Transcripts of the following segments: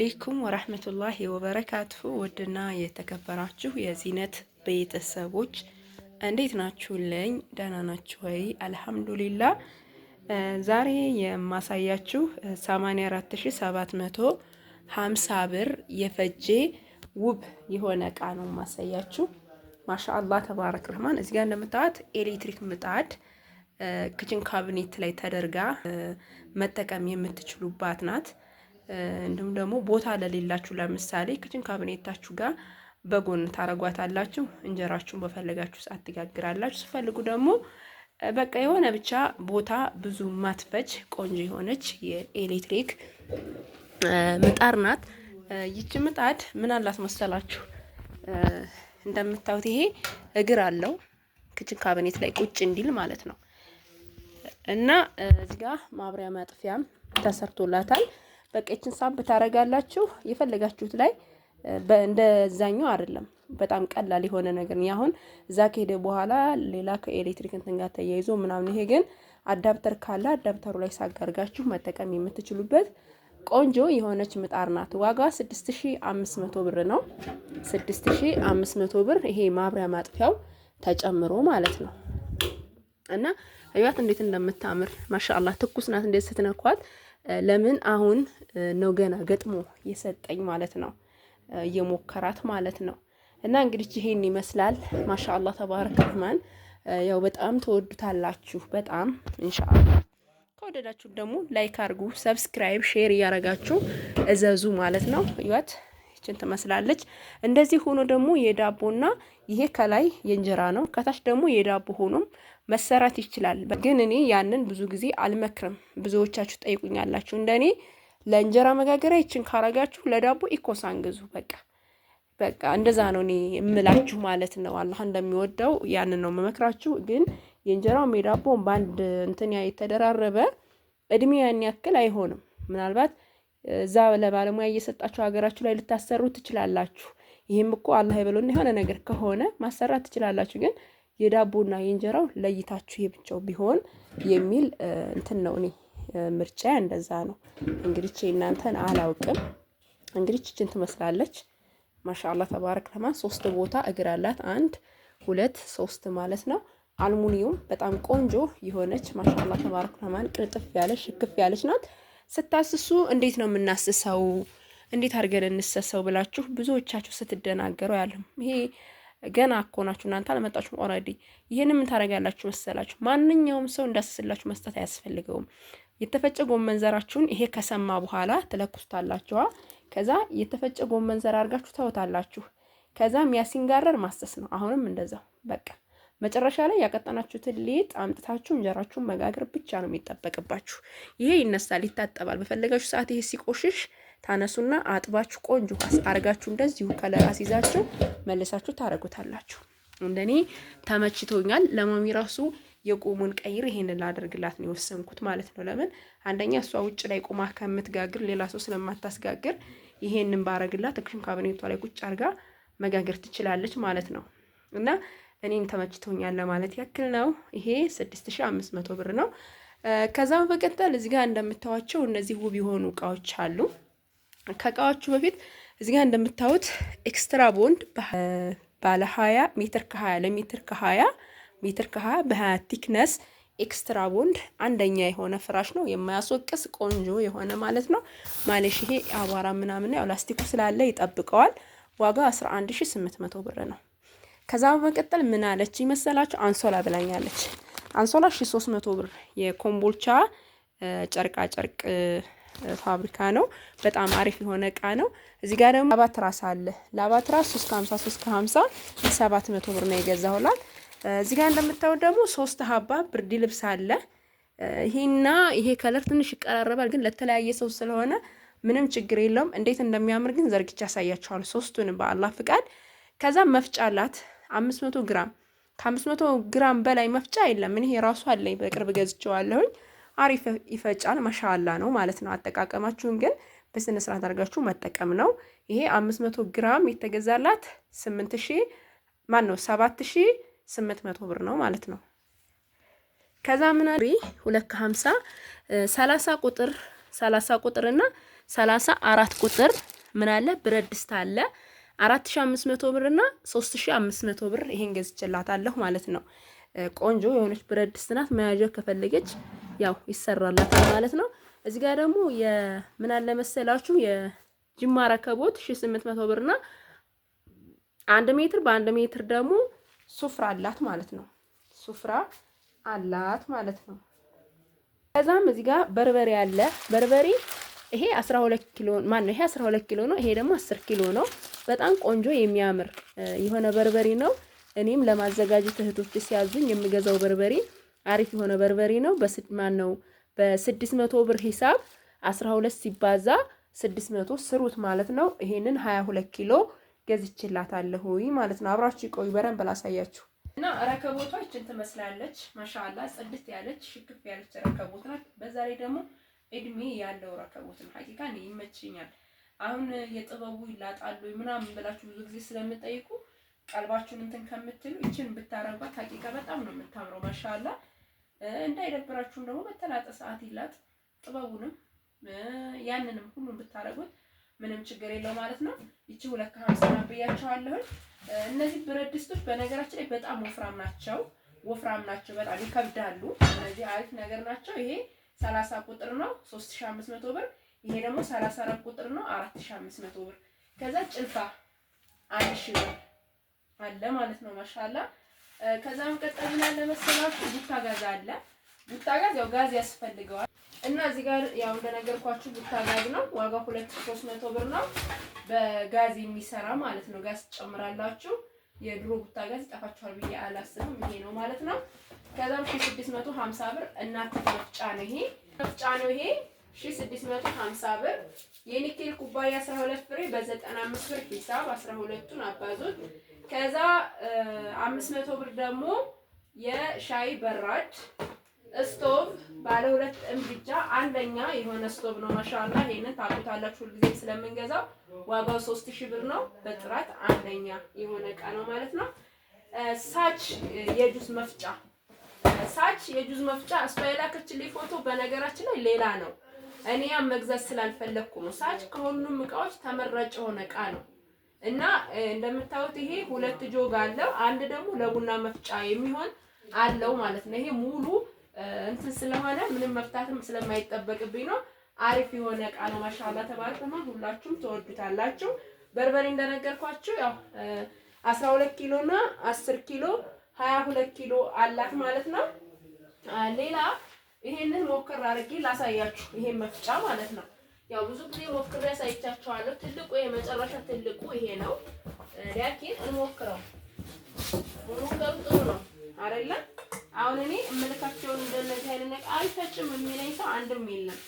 አሌይኩም ወራህመቱላሂ ወበረካቱሁ ውድና የተከበራችሁ የዚነት ቤተሰቦች እንዴት ናችሁልኝ? ደህና ናችሁ ወይ? አልሐምዱሊላ። ዛሬ የማሳያችሁ 84750 ብር የፈጀ ውብ የሆነ እቃ ነው የማሳያችሁ። ማሻአላ ተባረክ ረህማን። እዚጋ እንደምታዩት ኤሌክትሪክ ምጣድ ክችን ካቢኔት ላይ ተደርጋ መጠቀም የምትችሉባት ናት። እንዲሁም ደግሞ ቦታ ለሌላችሁ ለምሳሌ ክችን ካቢኔታችሁ ጋር በጎን ታረጓታላችሁ። እንጀራችሁን በፈለጋችሁ ሰዓት ትጋግራላችሁ። ስፈልጉ ደግሞ በቃ የሆነ ብቻ ቦታ ብዙ ማትፈጅ ቆንጆ የሆነች የኤሌክትሪክ ምጣድ ናት። ይቺ ምጣድ ምን አላት መሰላችሁ? እንደምታዩት ይሄ እግር አለው ክችን ካቢኔት ላይ ቁጭ እንዲል ማለት ነው። እና እዚህ ጋ ማብሪያ ማጥፊያም ተሰርቶላታል። በቃ ይችን ሳብ ታረጋላችሁ። የፈለጋችሁት ላይ እንደዛኛው አይደለም። በጣም ቀላል የሆነ ነገር ነው። አሁን እዛ ከሄደ በኋላ ሌላ ከኤሌክትሪክ እንትን ጋር ተያይዞ ምናምን። ይሄ ግን አዳፕተር ካለ አዳፕተሩ ላይ ሳጋርጋችሁ መጠቀም የምትችሉበት ቆንጆ የሆነች ምጣድ ናት። ዋጋ 6500 ብር ነው። 6500 ብር ይሄ ማብሪያ ማጥፊያው ተጨምሮ ማለት ነው። እና ህይወት እንዴት እንደምታምር ማሻአላህ ትኩስ ናት። እንዴት ስትነኳት ለምን አሁን ነው ገና ገጥሞ የሰጠኝ ማለት ነው። የሞከራት ማለት ነው። እና እንግዲህ ይሄን ይመስላል። ማሻአላህ ተባረከ ረህማን። ያው በጣም ተወዱታላችሁ። በጣም ኢንሻአላህ ከወደዳችሁ ደግሞ ላይክ አርጉ ሰብስክራይብ፣ ሼር እያረጋችሁ እዘዙ ማለት ነው። ይወት ይችን ትመስላለች። እንደዚህ ሆኖ ደግሞ የዳቦና ይሄ ከላይ የእንጀራ ነው፣ ከታች ደግሞ የዳቦ ሆኖም መሰራት ይችላል። ግን እኔ ያንን ብዙ ጊዜ አልመክርም። ብዙዎቻችሁ ጠይቁኛላችሁ እንደኔ ለእንጀራ መጋገሪያ ይችን ካረጋችሁ ለዳቦ ኢኮሳን ግዙ። በቃ በቃ እንደዛ ነው እኔ እምላችሁ ማለት ነው። አላህ እንደሚወደው ያንን ነው መመክራችሁ። ግን የእንጀራውም የዳቦም በአንድ እንትን የተደራረበ እድሜ ያን ያክል አይሆንም። ምናልባት እዛ ለባለሙያ እየሰጣችሁ ሀገራችሁ ላይ ልታሰሩ ትችላላችሁ። ይህም እኮ አላህ የበለውን የሆነ ነገር ከሆነ ማሰራት ትችላላችሁ። ግን የዳቦና የእንጀራው ለይታችሁ የብቻው ቢሆን የሚል እንትን ነው እኔ ምርጫ እንደዛ ነው። እንግዲህ እናንተን አላውቅም። እንግዲህ ይችን ትመስላለች። ማሻአላ ተባረክ ረህማን። ሶስት ቦታ እግር አላት። አንድ ሁለት ሶስት ማለት ነው። አልሙኒየም በጣም ቆንጆ የሆነች ማሻአላ ተባረክ ረህማን ቅልጥፍ ያለች ሽክፍ ያለች ናት። ስታስሱ እንዴት ነው የምናስሰው እንዴት አድርገን እንሰሰው ብላችሁ ብዙዎቻችሁ ስትደናገሩ ያለም ይሄ ገና እኮ ናችሁ እናንተ አልመጣችሁም። ኦልሬዲ ይህን ምን ታደርጋላችሁ መሰላችሁ? ማንኛውም ሰው እንዳስስላችሁ መስጠት አያስፈልገውም። የተፈጨ ጎመን ዘራችሁን ይሄ ከሰማ በኋላ ትለኩስታላችኋ። ከዛ የተፈጨ ጎመን ዘር አድርጋችሁ ተውታላችሁ። ከዛም ያሲንጋረር ማሰስ ነው። አሁንም እንደዛው በቃ መጨረሻ ላይ ያቀጠናችሁትን ሊጥ አምጥታችሁ እንጀራችሁን መጋገር ብቻ ነው የሚጠበቅባችሁ። ይሄ ይነሳል፣ ይታጠባል። በፈለጋችሁ ሰዓት ይሄ ሲቆሽሽ ታነሱና አጥባችሁ ቆንጆ አርጋችሁ እንደዚሁ ከለር አስይዛችሁ መልሳችሁ ታረጉታላችሁ። እንደኔ ተመችቶኛል። ለማሚ ራሱ የቁሙን ቀይር ይሄንን ላደርግላት ነው የወሰንኩት ማለት ነው። ለምን አንደኛ እሷ ውጭ ላይ ቁማ ከምትጋግር ሌላ ሰው ስለማታስጋግር ይሄንን ባረግላት ክሽን ካቢኔቷ ላይ ቁጭ አርጋ መጋገር ትችላለች ማለት ነው። እና እኔም ተመችቶኛል ለማለት ያክል ነው። ይሄ 6500 ብር ነው። ከዛ በመቀጠል እዚህ ጋር እንደምታዋቸው እነዚህ ውብ የሆኑ እቃዎች አሉ። ከእቃዎቹ በፊት እዚህ ጋር እንደምታዩት ኤክስትራ ቦንድ ባለ 20 ሜትር ከ20 ለሜትር ከ20 ሜትር ከ20 በ20 ቲክነስ ኤክስትራ ቦንድ አንደኛ የሆነ ፍራሽ ነው። የማያስወቅስ ቆንጆ የሆነ ማለት ነው። ማለሽ ይሄ አቧራ ምናምን ያው ላስቲኩ ስላለ ይጠብቀዋል። ዋጋ 11800 ብር ነው። ከዛ በመቀጠል ምን አለች ይመሰላችሁ? አንሶላ ብላኛለች። አንሶላ 1300 ብር የኮምቦልቻ ጨርቃ ጨርቅ ፋብሪካ ነው። በጣም አሪፍ የሆነ እቃ ነው። እዚህ ጋር ደግሞ ላባትራስ አለ። ላባትራስ 350 350 ሰባት መቶ ብር ነው የገዛሁላት። እዚህ ጋር እንደምታዩት ደግሞ ሶስት ሀባ ብርድ ልብስ አለ። ይሄና ይሄ ከለር ትንሽ ይቀራረባል፣ ግን ለተለያየ ሰው ስለሆነ ምንም ችግር የለውም። እንዴት እንደሚያምር ግን ዘርግቻ ያሳያቸዋል ሶስቱን በአላህ ፍቃድ። ከዛም መፍጫ አላት 500 ግራም ከአምስት መቶ ግራም በላይ መፍጫ የለም። እኔ ራሱ አለኝ በቅርብ ገዝቼዋለሁኝ። አሪፍ ይፈጫል። ማሻላ ነው ማለት ነው። አጠቃቀማችሁን ግን በስነ ስርዓት አድርጋችሁ መጠቀም ነው። ይሄ 500 ግራም የተገዛላት 8000 ማን ነው 7800 ብር ነው ማለት ነው። ከዛ ምን አሪ 250 30 ቁጥር 30 ቁጥርና 34 ቁጥር ምን አለ ብረት ድስት አለ 4500 ብርና 3500 ብር ይሄን ገዝቼላታለሁ ማለት ነው። ቆንጆ የሆነች ብረት ድስት ናት። መያዣ ከፈለገች ያው ይሰራላታል ማለት ነው። እዚህ ጋር ደግሞ የምን አለ መሰላችሁ የጅማ ረከቦት 1800 ብርና አንድ ሜትር በአንድ ሜትር ደግሞ ሱፍራ አላት ማለት ነው። ሱፍራ አላት ማለት ነው። ከዛም እዚህ ጋር በርበሬ አለ። በርበሬ ይሄ 12 ኪሎ ማን ነው? ይሄ 12 ኪሎ ነው። ይሄ ደግሞ 10 ኪሎ ነው። በጣም ቆንጆ የሚያምር የሆነ በርበሬ ነው። እኔም ለማዘጋጀት እህቶች ሲያዙኝ የምገዛው በርበሬ አሪፍ የሆነ በርበሬ ነው። በስድማን ነው በስድስት መቶ ብር ሂሳብ አስራ ሁለት ሲባዛ ስድስት መቶ ስሩት ማለት ነው። ይሄንን ሀያ ሁለት ኪሎ ገዝችላታለሁ ማለት ነው። አብራችሁ ቆዩ፣ በረን ላሳያችሁ እና ረከቦቷ ይችን ትመስላለች። ማሻላ ጽድት ያለች ሽክፍ ያለች ረከቦት ናት። በዛ ላይ ደግሞ እድሜ ያለው ረከቦት ነው። ሀቂቃ ይመችኛል። አሁን የጥበቡ ይላጣሉ ምናምን ብላችሁ ብዙ ጊዜ ስለምጠይቁ ቀልባችሁን እንትን ከምትሉ ይችን ብታረጓት ሀቂቃ በጣም ነው የምታምረው። ማሻላ እንዳይደብራችሁም ደግሞ በተላጠ ሰዓት ይላት ጥበቡንም ያንንም ሁሉም ብታረጉት ምንም ችግር የለው ማለት ነው። ይቺ ሁለት ከሀምሳ ናት እነዚህ ብረት ድስቶች በነገራችን ላይ በጣም ወፍራም ናቸው፣ ወፍራም ናቸው፣ በጣም ይከብዳሉ። እነዚህ አሪፍ ነገር ናቸው። ይሄ ሰላሳ ቁጥር ነው ሶስት ሺህ አምስት መቶ ብር። ይሄ ደግሞ ሰላሳ አራት ቁጥር ነው አራት ሺህ አምስት መቶ ብር። ከዛ ጭልፋ አንድ ብር አለ ማለት ነው። ማሻላ ከዛ መቀጠል ለመሰላት አለ ቡታ ጋዝ አለ። ቡታ ጋዝ ያው ጋዝ ያስፈልገዋል እና እዚህ ጋር ያው እንደነገርኳችሁ ቡታ ጋዝ ነው። ዋጋ 2300 ብር ነው። በጋዝ የሚሰራ ማለት ነው። ጋዝ ትጨምራላችሁ። የድሮ ቡታ ጋዝ ይጠፋችኋል ብዬ አላስብም። ይሄ ነው ማለት ነው። ከዛም 650 ብር እናት መፍጫ ነው ይሄ መፍጫ ነው ይሄ 1650 ብር የኒኬል ኩባያ 12 ፍሬ በ95 ብር ሂሳብ 12ቱን አባዙት። ከዛ 500 ብር ደግሞ የሻይ በራድ ስቶቭ ባለ ሁለት እምድጃ አንደኛ የሆነ ስቶቭ ነው። ማሻአላ ይሄንን ታውቁታላችሁ፣ ሁልጊዜ ስለምንገዛው ዋጋው 3000 ብር ነው። በጥራት አንደኛ የሆነ እቃ ነው ማለት ነው። ሳች የጁስ መፍጫ ሳች የጁስ መፍጫ እሷ የላከችልኝ ፎቶ በነገራችን ላይ ሌላ ነው። እኔ ያ መግዛት ስላልፈለግኩ ነው። ሳች ከሁሉም እቃዎች ተመራጭ የሆነ እቃ ነው እና እንደምታዩት ይሄ ሁለት ጆግ አለው። አንድ ደግሞ ለቡና መፍጫ የሚሆን አለው ማለት ነው። ይሄ ሙሉ እንትን ስለሆነ ምንም መፍታትም ስለማይጠበቅብኝ ነው። አሪፍ የሆነ እቃ ነው። ማሻአላ ተባረከማ። ሁላችሁም ትወዱታላችሁ። በርበሬ እንደነገርኳችሁ ያው 12 ኪሎና 10 ኪሎ 22 ኪሎ አላት ማለት ነው። ሌላ ይሄንን ሞክር አድርጌ ላሳያችሁ። ይሄን መፍጫ ማለት ነው። ያው ብዙ ጊዜ ሞክሬ ያሳይቻችኋለሁ። ትልቁ የመጨረሻ ትልቁ ይሄ ነው። ሊያኬን እንሞክረው። ሞክረው ጥሩ ነው አይደለ? አሁን እኔ እምልካቸውን እንደነዚህ አይነት ነገር አይፈጭም የሚለኝ ሰው አንድም የለም።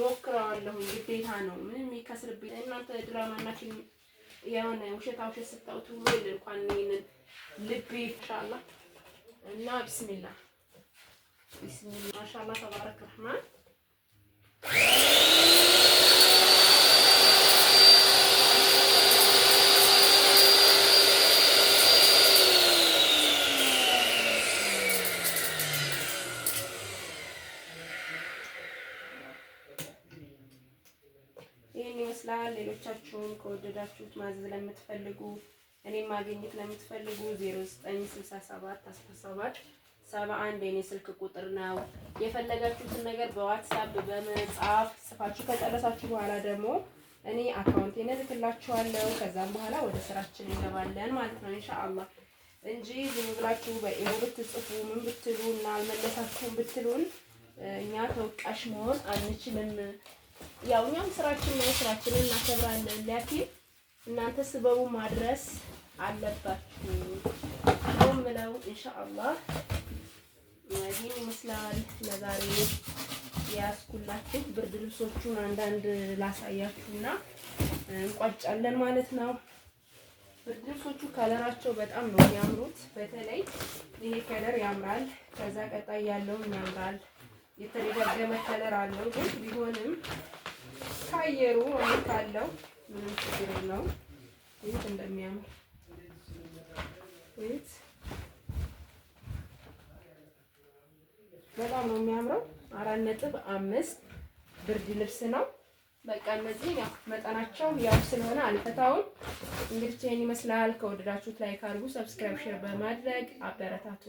ሞክረዋለሁ፣ ግዴታ ነው። ምንም የሚከስርብኝ እናንተ ድራማናችን የሆነ ውሸታ ውሸት ስታውት ሁሉ እንኳን ይሄንን ልቤ ይፍሻላ እና ቢስሚላህ ማሻላ ተባረክ ረህማን ይህን ይመስላል። ሌሎቻችሁን ከወደዳችሁት ማዘዝ ለምትፈልጉ እኔም ማግኘት ለምትፈልጉ 0967 17 ሰባ አንድ የኔ ስልክ ቁጥር ነው። የፈለጋችሁትን ነገር በዋትሳፕ በመጻፍ ጽፋችሁ ከጨረሳችሁ በኋላ ደግሞ እኔ አካውንቴን እልክላችኋለሁ። ከዛም በኋላ ወደ ስራችን እንገባለን ማለት ነው ኢንሻአላህ እንጂ ዝም ብላችሁ በኢሞ ብትጽፉ ምን ብትሉ እና አልመለሳችሁም ብትሉን እኛ ተወቃሽ መሆን አንችልም። ያው እኛም ስራችን ነው፣ ስራችንን እናከብራለን። ላኪን እናንተ ስበቡ ማድረስ አለባችሁ ነው የምለው ኢንሻአላህ ይህን ይመስላል ለዛሬ ያስኩላችሁ ብርድ ልብሶቹን አንዳንድ ላሳያችሁና እንቋጫለን ማለት ነው። ብርድ ልብሶቹ ከለራቸው በጣም ነው የሚያምሩት። በተለይ ይሄ ከለር ያምራል። ከዛ ቀጣይ ያለው ያምራል። የተደጋገመ ከለር አለው ግን ቢሆንም ካየሩ አይነት አለው ምንም ችግር ነው። ይህ እንደሚያምር በጣም ነው የሚያምረው። አራት ነጥብ አምስት ብርድ ልብስ ነው። በቃ እነዚህ ያው ያው ስለሆነ አልፈታውም። እንግዲህ ይሄን ይመስላል። ከወደዳችሁት ላይክ አድርጉ፣ ሰብስክራይብ፣ ሼር በማድረግ አበረታቱ።